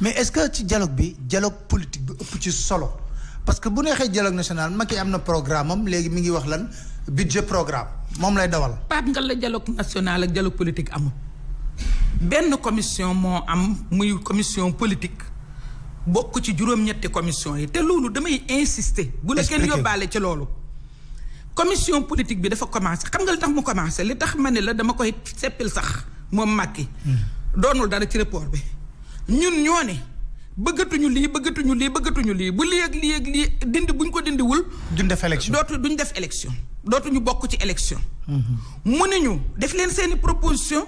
mais est-ce que ci dialogue bi dialogue politique bi ëpp ci solo parce que bu neexee dialogue national Macky am na programme am léegi mi ngi wax lan budget programme moom lay dawal. Pape la dialogue national ak dialogue politique amul benn commission moo am muy commission politique bokk ci juróom-ñetti commission yi te loolu damay insister. bu la kenn yóbbaale ci loolu. commission politique bi dafa commencé xam nga li tax mu commencé li tax ma ne la dama koy seppil sax moom Macky. Hmm. doonul dara ci rapport bi. ñun ñoo ne bëggatuñu lii bëggatuñu lii bëggatuñu lii bu lii ak lii ak lii dindi buñ ko dindiwul. duñ def élection dootu duñ def élection dootuñu bokk ci élection. mu ne ñu def leen seeni proposition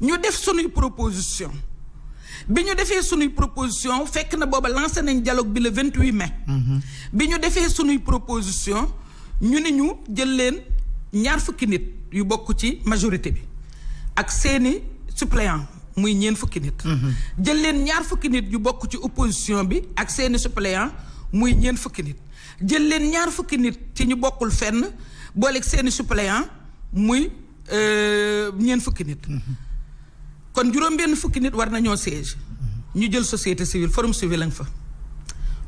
ñu def sunuy proposition bi ñu defee sunuy proposition fekk na booba lancé nañ dialogue bi le 28 mai. bi ñu defee sunuy proposition ñu ne ñu jël leen ñaar fukki nit yu bokk ci majorité bi ak seeni suppléant muy ñeen fukki nit. Mhm. jël leen ñaar fukki nit yu bokku ci opposition bi ak seeni suppléant muy ñeen fukki nit jël leen ñaar fukki nit ci ñu bokkul fenn booleeg seeni suppléant muy euh, ñeen fukki nit. Mhm. kon juróom-benn fukki nit war nañoo siège. Mhm. ñu jël société civile forum civil la fa.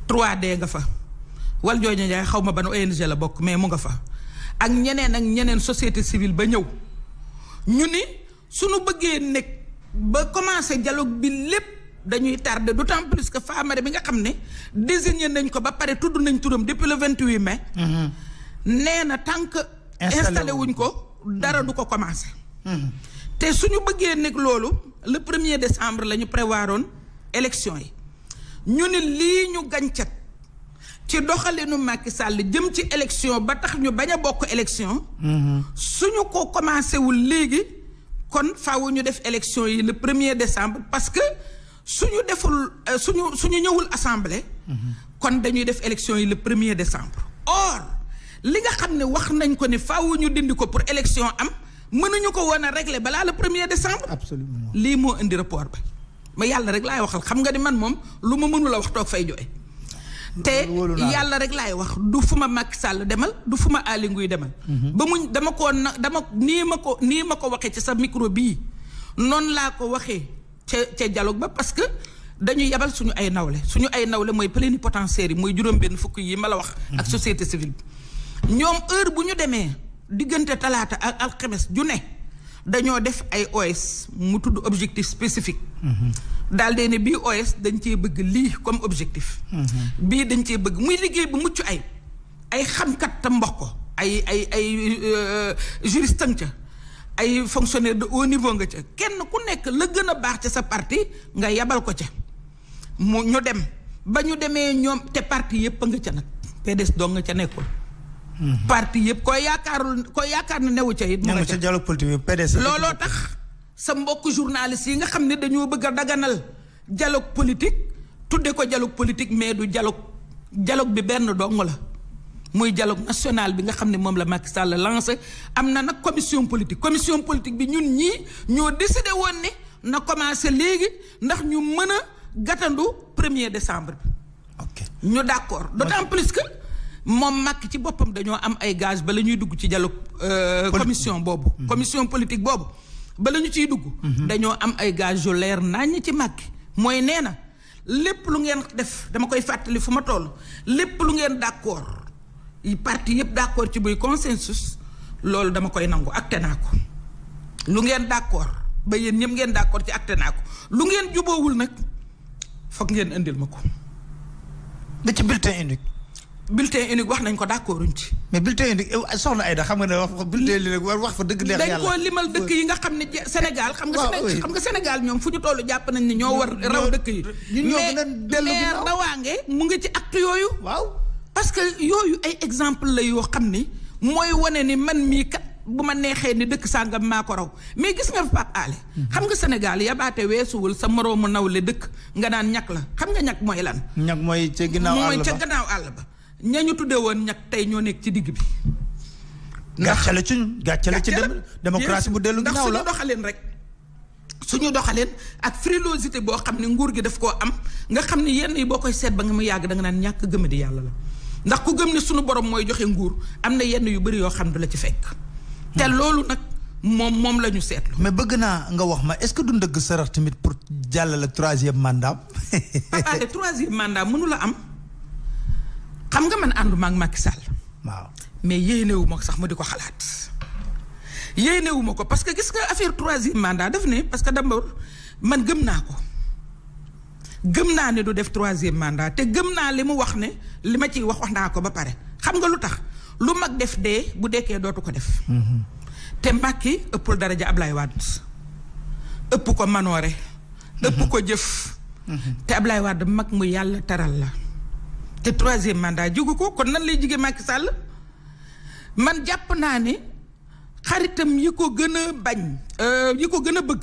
trois d nga fa. wal jooju Ndiaye xaw ma ban ONG la bokk mais mu nga fa. ak ñeneen ak ñeneen société civile ba ñëw. ñu ni suñu bëggee nekk. ba commencé dialogue bi lépp dañuy tardé d' autant plus que Famara bi nga xam ne désigné nañ ko ba pare tudd nañ turam depuis le vingt huit mai. Mm-hmm. nee na tant que. installé wuñ ko dara du ko mm-hmm. commencé. Mm-hmm. te suñu bëggee nekk loolu le premier décembre la ñu prévoir oon élection yi ñu ne lii ñu gàncax ci nu Macky sàll jëm ci élection ba tax ñu bañ a bokk élection. suñu ko commencé wul léegi. kon faaw ñu def élection yi le premier décembre parce que suñu deful euh, suñu suñu ñëwul assemblée. Mm-hmm. kon dañuy def élection yi le premier décembre. or li nga xam ne wax nañ ko ne faaw ñu dindi ko pour élection am mënuñu ko woon a régler balaa le premier décembre. absolument lii moo indi rapport ba. ma yàlla rek laay waxal xam nga ni man moom lu ma mënula a wax toog fay joxe. te yàlla rek laay wax du fu ma Macky sàll demal du fu ma Aly Ngouille demal. Mhm. ba mu dama ko na dama nii ma ko nii ma ko waxee ci sa micro bii noonu laa ko waxee ca ca jaloog ba parce que dañuy yabal suñu ay nawle suñu ay nawle mooy plénipotentiaire yi mooy juróom-benn fukk yi ma la wax. ak mhm. société civile bi. ñoom heure bu ñu demee diggante talaata ak alxames ju ne. dañoo def ay OS mu tudd objectif spécifique. Mhm. daal dee ne bii OS dañ cee bëgg lii comme objectif. Mhm. bii dañ cee bëgg muy liggéey bu mucc ay ay xamkat tam mboq ko ay ay ay euh, juriste ca ay fonctionner de au niveau nga ca kenn ku nekk la gën a baax ca sa parti nga yabal ko ca mu ñu dem ba ñu demee ñoom te parti yépp a nga ca nag PDS doo nga ca nekkul. Mm-hmm. parti yëpp koy yaakaarul koy yaakaar na newu ca it. mu nga ca dialogue politique bi PDS. looloo tax sa mbokk journaliste yi nga xam ne dañoo bëgg a daganal dialogue politique tudde ko dialogue politique mais du dialogue dialogue bi benn dong la muy dialogue national bi nga xam ne moom la Macky Sall lancé am na nag commission politique commission politique bi ñun ñii ñoo décidé woon ni na commencé léegi ndax ñu mën a gàttandu premier décembre bi. ñu d' accord d' autant plus que. moom Macky ci boppam dañoo am ay gaz ba la ñuy dugg ci dialogue euh, commission boobu mhm. commission politique boobu ba la ñu ciy dugg mhm. dañoo am ay gaz yu leer ñi ci Macky mooy nee na lépp lu ngeen def dama koy fàttali fu ma toll lépp lu ngeen d'accord parti yëpp d'accord ci buy consensus loolu dama koy nangu acté naa ko lu ngeen d'accord ba yéen ñëpp ngeen d'accord ci acté naa ko lu ngeen juboowul nag foog ngeen indil ma ko ci bulletin unique bulletin unique wax nañ ko d'accord uñ ci. mais bulletin unique eh, soxna Aida xam nga ne wax bulletin unique wax fa dëgg neex yàlla dañ koo limal dëkk yi nga xam ne Sénégal. xam nga xam nga Sénégal ñoom fu ñu toll jàpp nañ ne ñoo war. raw dëkk yi ñoo gën a dellu mais rawaange mu ngi ci acte yooyu. waaw parce que yooyu ay exemple la yoo xam ni mooy wane ni man mii kat bu ma neexee ni dëkk sàngam maa ko raw mais gis nga Pape Alé. Mhm. xam nga Sénégal yabaate weesuwul sa moroomu lee dëkk nga daan ñak la xam nga ñak mooy lan. ñak mooy ca ginnaaw àll ba ña ñu tuddee woon ñag tey ñoo nekk ci digg bi. gàcce la ci ñun gàcce la ci dem démocratie bu dellu ginnaaw la ndax suñu doxaleen rek. suñu doxaleen ak frilosité boo xam ne nguur gi daf koo am nga xam ne yenn yi boo koy seet ba nga mu yàgg da nga naan ñàkk gëm di yàlla la ndax ku gëm ne suñu borom mooy joxe nguur am na yenn yu bëri yoo xam du la ci fekk. te hmm. loolu nag moom moom la ñu seetlu. mais bëgg naa nga wax ma est-ce que du ndëgg sarax tamit pour jàllale troisième mandat. papa le troisième mandat mënu am. xam nga man ànduma ak Macky Sall. waaw mais yéenewu sax mu di ko xalaat. yéenewu ko parce que gis nga affaire troisième mandat def ne parce que d'abord man gëm naa ko. gëm naa ne du def troisième mandat te gëm naa li mu wax ne li ma ciy wax wax naa ko ba pare xam nga lu tax lu mag def dee bu dekkee dootu ko def. Mm-hmm. te Macky ëppul daraja Ablaye Wade ëpp ko manoore. ëpp ko jëf. Mm-hmm. te Ablaye Wade mag mu yàlla teral la. te troisième mandat jógu ko kon nan lay jige Macky Sall man jàpp naa ne xaritam yi ko gën a bañ euh, yi ko gën a bëgg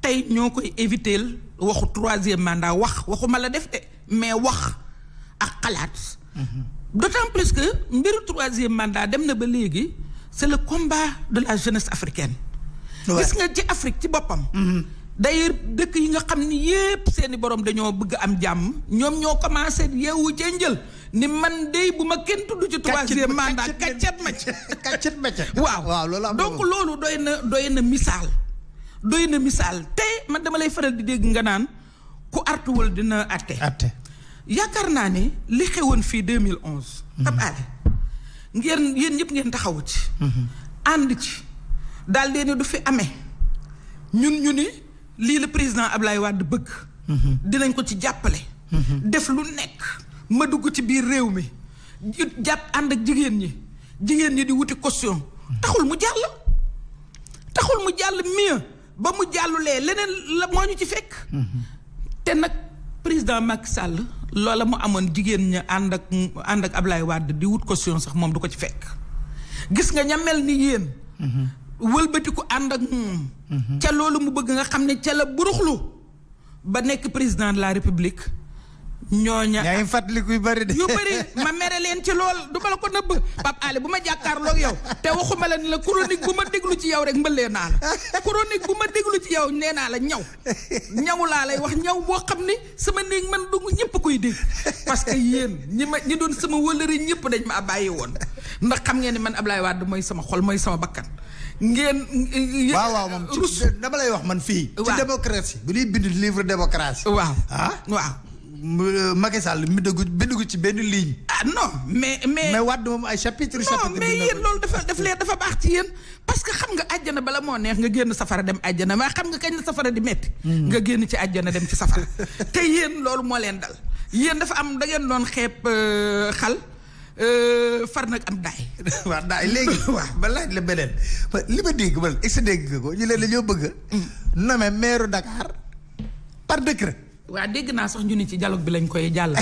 tey ñoo koy éviter waxu troisième mandat wax waxuma la def de mais wax ak xalaat mhm. d'autant plus que mbir troisième mandat dem na ba léegi c'est le combat de la jeunesse africaine gis nga ci Afrique ci boppam mhm. d'ailleurs dëkk yi nga xam ni yépp seeni borom dañoo bëgg am jàmm ñoom ñoo commencé yeewu jënjël ni man dey bu ma kenn tudd ci troisième mandat kàccet ma ci kàccet ma ci loolu doy na doy na misaal doy na misaal te man dama lay faral di dégg nga naan ku artuwul dina atte yaakaar naa ne li xewoon fii 2011 tab ale ngeen yéen ñëpp ngeen taxawu ci mhm. ànd ci daal ne du fi amee ñun ñu lii la président Ablaye Wade bëgg. dinañ ko ci jàppale. def lu nekk ma dugg ci biir réew mi jàpp ànd ak jigéen ñi jigéen ñi di wuti caution taxul mu jàll. taxul mu jàll mieux ba mu jàllulee leneen la moo ñu ci fekk. te nag président Macky Sall loola mu amoon jigéen ña ànd ak ànd ak Ablaye Wade di wut caution sax moom du ko ci fekk gis nga ña mel ni yéen. wëlbatiku ànd ak moom. Mhm. ca loolu mu bëgg nga xam ne ca la buruxlu ba nekk président de la république. ñooña ñaa ngi fàttaliku yu bëri de. yu bëri ma mere leen ci lool du ma la ko nëbb Pape Ali bu ma jàkkaarloog yow te waxuma la ne la chronique bu ma déglu ci yow rek mbëlee naa la chronique ma déglu ci yow nee naa la ñaw ñaw laa lay wax ñaw boo xam ni sama néeg man du ñëpp koy dégg parce que yéen ñi ma ñi doon sama wëlëri ñëpp dañ ma a bàyyi woon ndax xam ngeen ni man Ablaye Wade mooy sama xol mooy sama bakkan. ngeen. waaw moom ci dama lay wax man fii. ci démocratie bu ñuy bind livre démocratie. waaw ah Euh, Macky Sall mi dugg bindu ci benn ligne. ah non mais mais mais Wade moom ay chapitre chapitre. non mais yéen loolu dafa def leen dafa baax ci yéen. parce que xam nga àjjana bala moo neex nga génn safara dem àjjana waaye xam nga kañ la safara di metti hmm. nga génn ci àjjana dem ci safara. te yéen loolu moo leen dal yéen dafa am dangeen ngeen doon euh, xal. Euh, far nag am daay. waaw daay léegi waaw ba laaj la beneen li ma dégg man est-ce que dégg nga ko ñu leen dañoo bëgg a. Hmm. nommer maire Dakar par waa dégg naa sax ñu ni ci dialogue bi lañ koy jàll.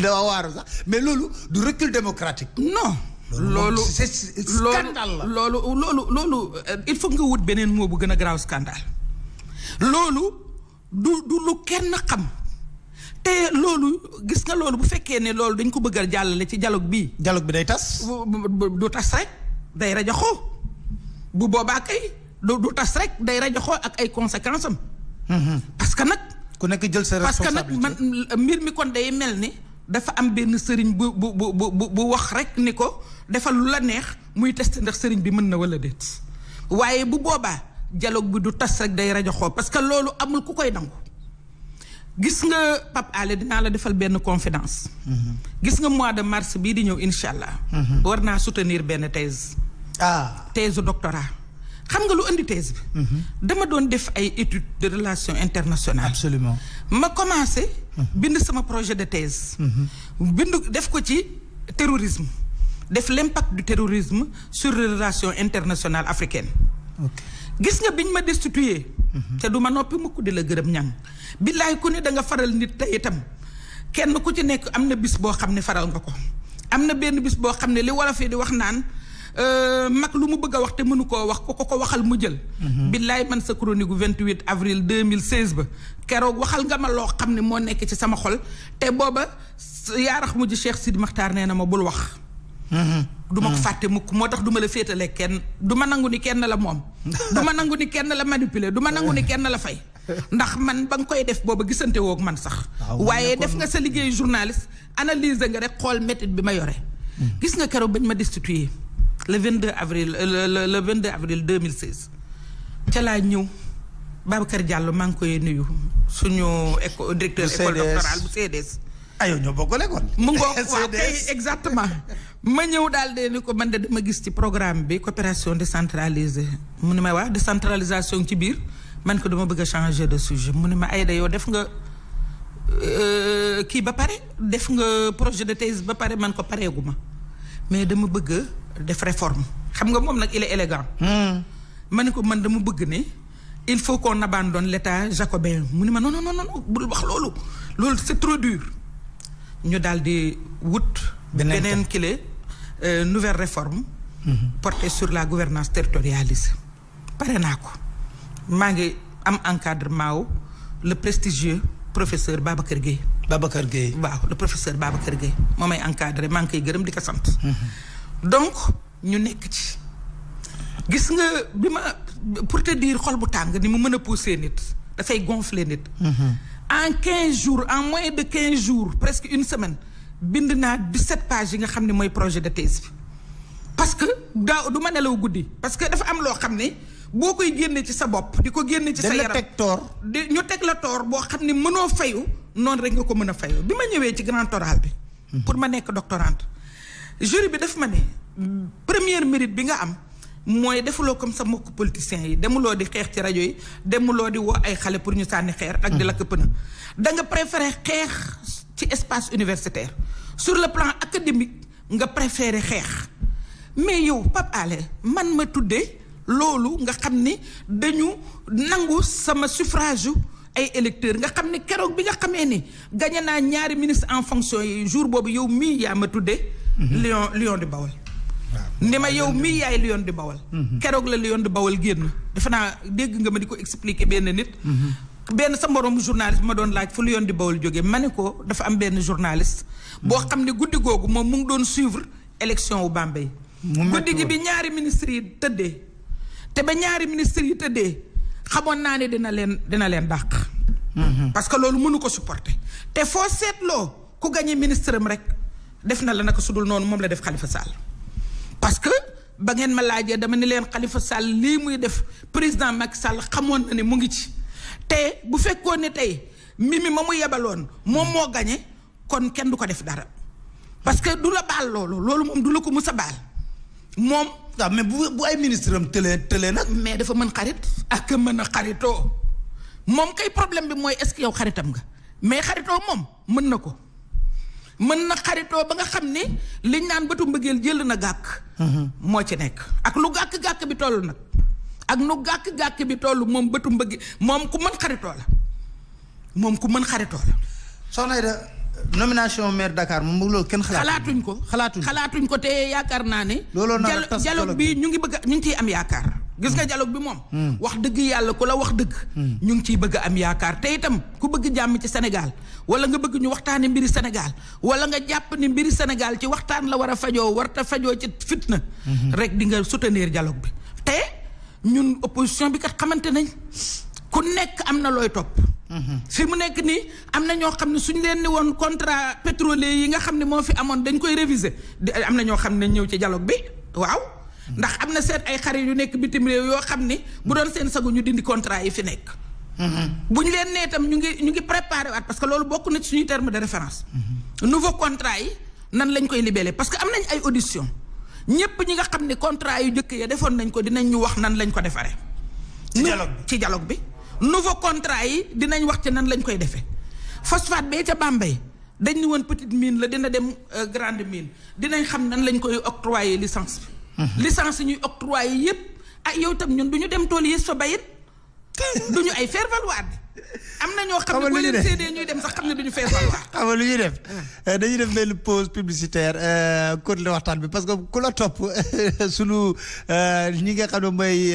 dama waaru sax mais loolu du recul démocratique. non. loolu scandale la loolu loolu loolu euh, il faut nga wut beneen moo bu gën a garaaw scandale. loolu du du lu kenn xam te loolu gis nga loolu bu fekkee ne loolu dañ ko bëgg jàllale ci dialogue bi dialogue bi day tas. du tas rek day rajaxoo bu boobaa kay du tas rek day rajaxoo ak ay conséquences am. Mm-hmm. nag. ku nekk jël sa parce que nag man mbir mi kon day mel ni dafa am benn sëriñ bu bu bu bu wax rek ni ko defal lu la neex muy test ndax sëriñ bi mën na wala déet waaye bu boobaa jaloog bi du tas rek day rajo xoo parce que loolu amul ku koy nangu gis nga Pape Alé dinaa la defal benn confidence. Mhm. gis nga mois de mars bii di ñëw incha allah. Mhm. war naa soutenir benn thèse. ah thèse doctorat. xam nga lu indi thèse bi. Mhm. dama doon def ay études de relations internationales. ma commencé. Mhm. bind sama projet de thèse. Mhm. bind def ko ci terrorisme def l'impact du terrorisme sur les relations internationales africaines. gis nga biñ ma destitué. te du ma noppi mukk di la gërëm ñang billaay ku ne da nga faral nit te itam kenn ku ci nekk am na bis boo xam ne faral nga ko am na benn bis boo xam ne li wolof yi di wax naan. Euh, mag lu mu bëgg a wax te mënu koo wax ko ko ko waxal mu jël. Mhm. billaay man sa chronique gu 28 avril 2016 ba keroog waxal nga ma loo xam ne moo nekk ci sama xol te booba yaarax mujj Cheikh Sidi Makhtar nee na ma bul wax. Mhm. du ma ko mhm. fàtte mukk moo tax duma la féetale kenn du ma nangu ni kenn la moom. du ma nangu ni kenn la manipuler du ma nangu ni kenn la fay. ndax man ba nga koy def booba gisante wook man sax. Ah, waaye def nga sa liggéey journaliste analyser nga rek xool méthode bi ma yore. Mm. gis nga keroog bañ ma destitué. le 22 avril euh, le le de avril 2016 ca laa ñëw Babacar Diallo maa ngi koy nuyu suñu éco directeur école doctorale bu CDS. ayoo ah, ñoo bokkule kon. mu ngoog waaw kay exactement. ma ñëw daal de ni ko man de dama gis ci programme bi coopération centraliser mu ne ma wax décentralisation ci biir man ko dama bëgg a changer de sujet mu ne ma ay da def nga euh, kii ba pare def nga projet de thèse ba pare man ko pareegu ma mais dama bëgg def réforme xam nga moom nag il est élégant hmm. ma ne ko man dama bëgg ne il faut qu'on abandonne l'état jacobin mu ne ma non non non bul wax loolu loolu c'est trop dur ñu daal di wut beneen kile euh, nouvelle réforme hmm. portée sur la gouvernance territorialisée pare naa ko maa ngi am encadrement wu le prestigieux professeur Babacar Gueye Babacar Gueye waaw le professeur Babacar Gueye moo may encadré maa ngi koy gërëm di ko sant hmm. donc ñu nekk ci gis nga bi ma pour te dire xol bu tàng ni mu mën a pousser nit dafay gonfler nit. Mm-hmm. en quinze jours en moins de quinze jours presque une semaine bind naa dix-sept pages yi nga xam ne mooy projet de thèse bi. parce que daaw du ma nelaw guddi parce que dafa am loo xam ne boo koy génne ci sa bopp di ko génne ci sa yaram teg toor de ñu teg la toor boo xam ni mënoo fayu noonu rek nga ko mën a fayu bi ma ñëwee ci grand oral bi. Mm-hmm. pour ma nekk doctorante. jury bi daf ma ne première mérite bi nga am mooy defuloo comme sa mbokk politiciens yi demuloo di xeex ci rajo yi demuloo di woo ay xale pour ñu sànni xeer ak di hmm. lakk pëna da nga préféré xeex ci espace universitaire sur le plan académique nga préféré xeex mais yow Pape Alé man ma tuddee loolu nga xam ni dañu nangu sama suffrage ay électeurs nga xam ni keroog bi nga xamee ni gañe naa ñaari ministre en fonction yi jour boobu yow mii yaa ma tuddee Mm-hmm. lion lion di bawal ni ma yow mii yaay lion di bawal mm-hmm. keroog la lion di bawal génn defe naa dégg nga ma di ko expliquer benn nit mm-hmm. benn sa moroom journaliste ma doon laaj fu lion di bawal jógee ma ne ko dafa am benn journaliste boo xam ne guddi googu moom mu doon suivre élection wu Bambey guddi gi bi ñaari ministres yi tëddee te ba ñaari ministres yi tëddee xamoon naa ne dina leen dina leen dàq parce que loolu mënu ko supporter te foo seetloo ku gañe ministre am rek def na la naka sudul noonu moom la def Khalifa Sall parce que ba ngeen ma laajee dama ne leen Khalifa Sall lii muy def président Macky Sall xamoon na ne mu ngi ci te bu fekkoon ni tey mi mi ma mu yebaloon moom moo gañe kon kenn du ko def dara parce que du la baal loolu loolu moom du la ko mus a baal moom. waaw mais bu bu ay ministre am tëlee tëlee nag. mais dafa mën xarit ak mën a xaritoo moom kay problème bi mooy est-ce yow xaritam nga mais xaritoo moom mën na ko. mën na xaritoo ba nga xam ni liñ naan bëtu mbëggeel jël na gàkk mhm. moo ci nekk ak lu gàkk-gàkk bi toll nag ak lu gàkk-gàkk bi toll moom bëtu mbëgg moom ku mën xaritoo la moom ku mën xaritoo la soxna Aida nomination maire Dakar moom loolu kenn xalaatuñ ko xalaatuñ ko te yaakaar naa ne dialogue bi ñu ngi bëgg ñu ngi ciy am yaakaar gis nga dialogue bi moom. Hmm. wax dëgg yàlla ku la wax dëgg. Hmm. ñu ngi ciy bëgg am yaakaar te itam ku bëgg jàmm ci Sénégal wala nga bëgg ñu waxtaanee mbiri senegal wala nga jàpp ni mbiri Sénégal ci waxtaan la war a fajoo warta fajoo ci fitna. Hmm. rek di nga soutenir dialogue bi te ñun opposition bi kat xamante nañ ku nekk am na looy topp. fi mu nekk nii am na ñoo xam ne suñu leen ni woon contrat pétrolier yi nga xam ne moo fi amoon dañ koy réviser am na ñoo xam ne ñëw ci dialogue bi waaw. ndax am na seet ay xarit yu nekk bitim réew yoo xam ni bu doon seen sagu ñu dindi contrat yi fi nekk. bu ñu leen nee tam ñu ngi ñu ngi préparé waat parce que loolu bokk na suñuy suñu terme de référence. nouveau contrat yi nan lañ koy libellé parce que am nañ ay audition ñëpp ñi nga xam ne contrat yu njëkk ya defoon nañ ko dinañ ñu wax nan lañ ko defaree. ci dialogue ci dialogue bi. nouveau contrat yi dinañ wax ci nan lañ koy defee phosphate bee ca Bambey dañ ni woon petite mine la dina dem euh, grande mine dinañ xam nan lañ koy octroyer licence bi. licence yi ñuy octroyé yëpp ak ah, yow tam ñun du ñu dem tool yi fa bayit du ñu ay faire valoir am na ñoo xam ne bu leen séedee ñuy ne du ñu faire valoir xam ñuy def eh, dañuy def benn pause publicitaire eh, continuer waxtaan bi parce que ku la topp sunu eh, ñi nga xam ne mooy